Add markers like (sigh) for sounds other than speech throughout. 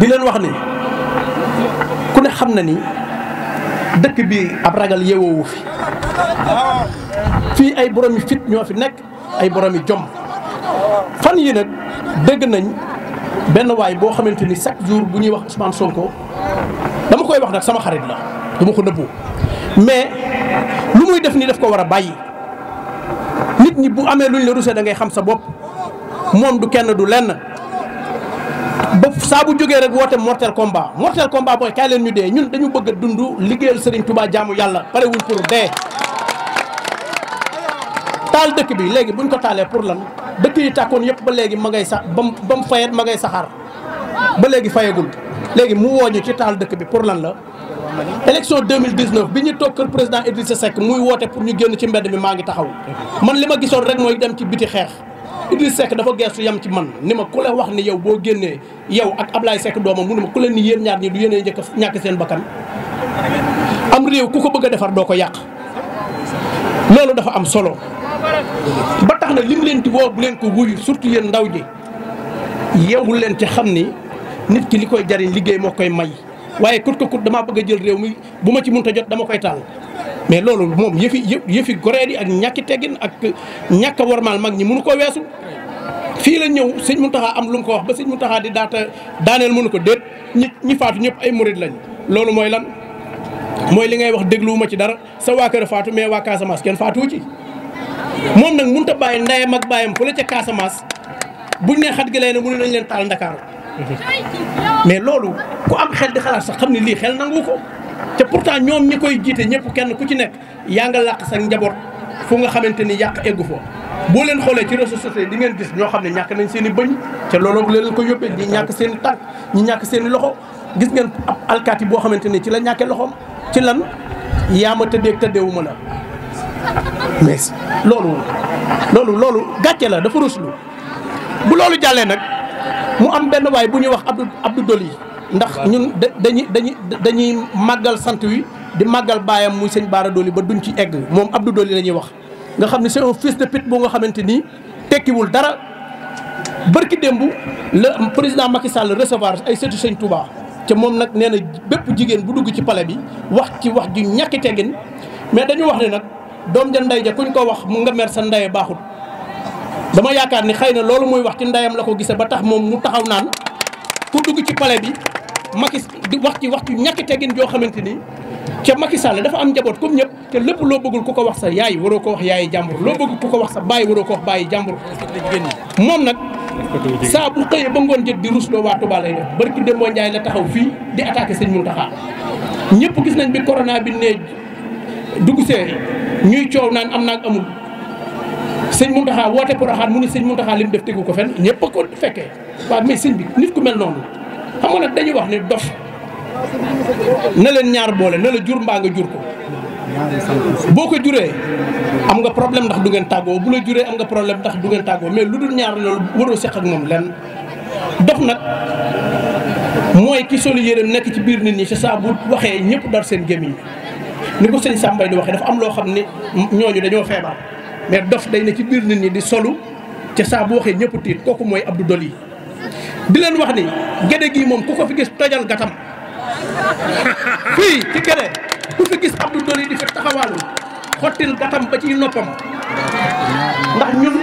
di leen wax ni ku ne xam na ni dëkk bi ab ragal yeewoowu fi fii ay boromi fit ñoo fi nekk ay boromi jom fan yi nag dégg nañ benn waay boo xamante ni chaque jour bu ñuy wax Ousmane Sonko dama koy wax nag sama xarit la du ma ko nëbbu mais lu muy def ni daf ko war a bàyyi nit ñi bu amee luñ la rusee da ngay xam sa bopp moom du kenn du lenn. ba saa bu jógee rek woote mortel combat mortel combat booy kaay leen ñu dee ñun dañu bëgg a dund liggéeyal Serigne Touba jaamu yàlla pare wuñ pour dee. taal dëkk bi léegi bu ñu ko taalee pour lan dëkk yi tàkkoon yëpp ba léegi ma ngay sax ba mu ba mu fayet ma saxaar ba léegi fayagul léegi mu wooñu ci taal dëkk bi pour lan la. élection 2019 bi ñu toog kër président Idrissa Seck muy woote pour ñu génn ci mbedd mi maa ngi taxaw man li ma gisoon rek mooy dem ci biti xeex. Idriss Seck dafa geestu yam ci man ni ma ku la wax ni yow boo génnee yow ak Ablaye Seck doomam mu ma ku leen ni yéen ñaar ñi du yéenee njëkk ñàkk seen bakkan am réew ku ko bëgg a defar doo ko yàq loolu dafa am solo ba tax na lim leen ti woo bu leen ko wuyu surtout yéen ndaw ji yeewu leen ci xam ni nit ki li koy jariñ liggéey moo koy may waaye kut ko kut damaa bëgg a jël réew mi bu ma ci mënta jot dama koy taal mais loolu moom yëfi yë yëfi goreet yi ak ñàkki teggin ak ñàkk a wormaal mag ñi mënu ko weesu. fii la ñëw sëñ Mountakha am lu mu ko wax ba mu Mountakha di daata daaneel mënu ko déet ñi faatu ñëpp ay murid lañ loolu mooy lan mooy li ngay wax dégluwuma ci dara sa waa kër faatu mais waa Casamance kenn faatuwu ci. moom nag mënut a bàyyi ndeyam ak bàyyam fu la ca Casamance ñu ne xat gi lay ne mënu nañ leen taal Ndakaaru (laughs) mais loolu ku am xel di xalaat sax xam ne lii xel nangu ko. te pourtant ñoom ñi koy jiite ñëpp kenn ku ci nekk yaa nga làq sa njaboot fu nga xamante ni yàq eggu fa boo leen xoolee ci réseaux sociaux di ngeen gis ñoo xam ne ñàkk nañ seeni i bëñ te loolu leen ko yóbbee ñi ñàkk seen i tànk ñàkk seen loxo gis ngeen ab alkaati boo xamante ni ci la ñàkkee loxoom ci lan yaa ma tëddeeg tëddeewu ma la mais loolu loolu loolu gàcce la dafa ruslu bu loolu jàllee nag mu am benn waay bu ñuy wax Abdou Abdou Doli ndax ñun dañuy dañuy dañuy màggal sant wi di màggal baayam muy sëñ Baara Doli ba duñ ci egg moom Abdou Doli la ñuy wax. nga xam ne c'est un fils de pute bu nga xamante ni tekkiwul dara bërki démb la président Macky Sall recevoir ay sëtu sëñ Touba. te moom nag nee na bépp jigéen bu dugg ci palais bi wax ci wax ju ñàkki teggin mais dañu wax ne nag doom ja ndey ja ñu ko wax mu nga mer sa ndey baaxut. dama yaakaar ni xëy na loolu muy wax ci ndeyam la ko gisee ba tax moom mu taxaw naan ku dugg ci palais bi. Macky di wax ci wax ci ñàkk teggin joo xamante ni ca Macky Sall dafa am njaboot comme ñëpp te lépp loo bëggul ku ko wax sa yaay waroo ko wax yaayi jàmbur loo bëggul ku ko wax sa baay waroo ko wax baayi jàmbur moom nag saa bu xëyee ba ngoon jët di rusloo waa Touba lay def barki Demba la taxaw fii di attaqué sëñ Mountakha ñëpp gis nañ bi corona bi nee dugg see ñuy coow naan am naag amul sëñ Mountakha woote Porokhane mu ne sëñ Mountakha li mu def tegu ko fen ñëpp ko fekkee waaw mais sëñ bi nit ku mel noonu xam nga nag dañuy wax ni dof na leen ñaar boole na la jur mbaa nga jur ko boo ko juree am nga problème ndax du ngeen tàggoo bu la juree am nga problème ndax du ngeen tàggoo mais lu dul ñaar loolu waroo seq ak moom lenn dof nag mooy ki solu yéreem nekk ci biir nit ñi c'est ça bu waxee ñëpp dar seen gémmiñ ni ko sëñ Samba di waxee dafa am loo xam ni ñooñu dañoo feebar mais dof day ne ci biir nit ñi di solu ca saa bu waxee ñëpp tiit kooku mooy Abdou Doli di leen wax ni gédé gii moom ku ko fi gis tojal gatam (laughs) fii ci gédé ku fi gis Abdou Doli di fi taxawaalu xottil gatam ba ci noppam ndax ñun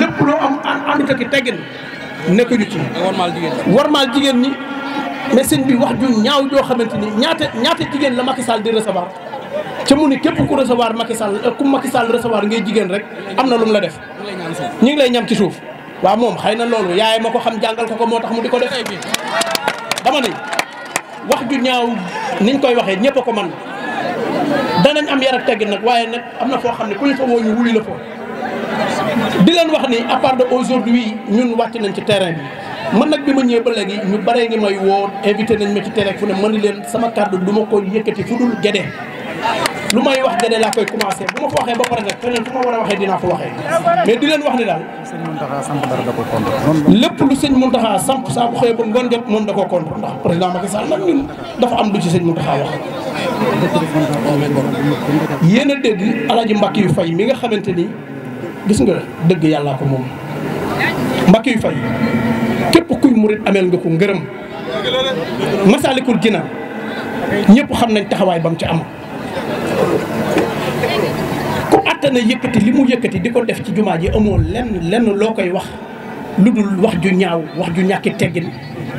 lépp loo am àndut ak teggin nekkuñu ci. warmaal jigéen ñi warmaal jigéen ñi mais sëñ bi wax ju ñaaw joo xamante ni ñaata ñaata jigéen la Macky Sall di recevoir ca mu ni képp ku recevoir Macky Sall ku Macky Sall recevoir ngay jigéen rek am na lu la def. ñu ngi lay ñam ci suuf. waaw moom xay na loolu yaay ma ko xam jàngal ko ko moo tax mu di ko def dama ni wax ju ñaaw niñ koy waxee ñëpp a ko man danañ am yar tegg teggin nag waaye nag am na foo xam ne ku ñu fa woo ñu wuyu la foofu di leen wax ni à part de aujourd'hui ñun wàcc nañ ci terrain bi man nag bi ma ñëwee ba léegi ñu bare ngi may woo invité nañ ma ci terrain fu ne mën leen sama kàddu du ma ko yëkkati fu dul gedee lu may wax gënee laa koy commencé bu ma ko waxee ba pare nag feneen fu ma a waxee dinaa ko waxee mais di leen wax ne daal sëñ Mountakha samp dara da ko contre lépp lu sëñ Mountakha samp saa bu xëyee ba ngoon jot moom da ko contre ndax président Macky Sall nag ñun dafa am lu ci sëñ Mountakha wax yéen a dégg Alaaji Mbàkke yu fay mi nga xamante ni gis nga dëgg yàllaa ko moom Mbàkke yu fay képp kuy murit ameel nga ko ngërëm Masaalikul Jinaan ñëpp xam nañ taxawaay ba mu ci am ku àttana yëkkati li mu yëkkati di ko def ci jumaa ji amoo lenn lenn loo koy wax lu dul wax ju ñaaw wax ju ñàkki teggin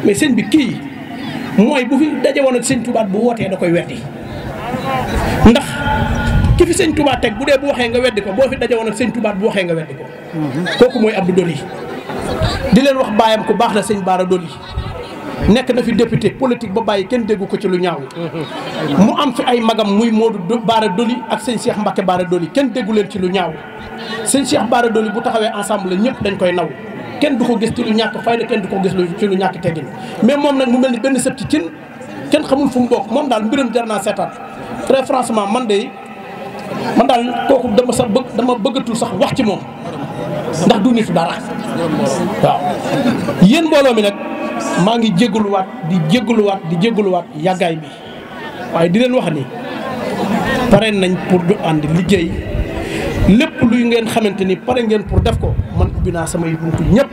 mais sëñ bi kii mooy bu fi daje woon ak sëñ Tuubaa bu wootee da koy weddi ndax ki fi sëñ Tuubaa bu dee bu waxee nga weddi ko boo fi daje woon ak sëñ Tuubaa bu waxee nga weddi ko mhm. kooku mooy Abdou Doli di leen wax baayam ku baax la sëñ Baara Doli nekk na fi député politique ba bàyyi kenn déggu ko ci lu ñaaw mu am fi ay magam muy moo Modou Bara Doli ak sëñ Cheikh Mbacke Bara Doli kenn déggu leen ci lu ñaaw sëñ Cheikh Bara Doli bu taxawee ensemble ñëpp dañ koy naw kenn du ko gis ci lu ñàkk fayda kenn du ko gis ci lu ñàkk teggin mais moom nag mu mel ni benn sëb ci cin kenn xamul fu mu bokk moom daal mbiram jar naa seetaat très franchement man de man daal kooku dama sax bëgg dama bëggatul sax wax ci moom ndax du nitu dara waaw yéen mbooloo mi nag. maa ngi jégaluwaat di jégaluwaat di jégaluwaat yàggaay bi waaye di leen wax ni pare nañ pour ñu ànd liggéey lépp luy ngeen xamante ni pare ngeen pour def ko man ubbi naa samay buntu ñëpp.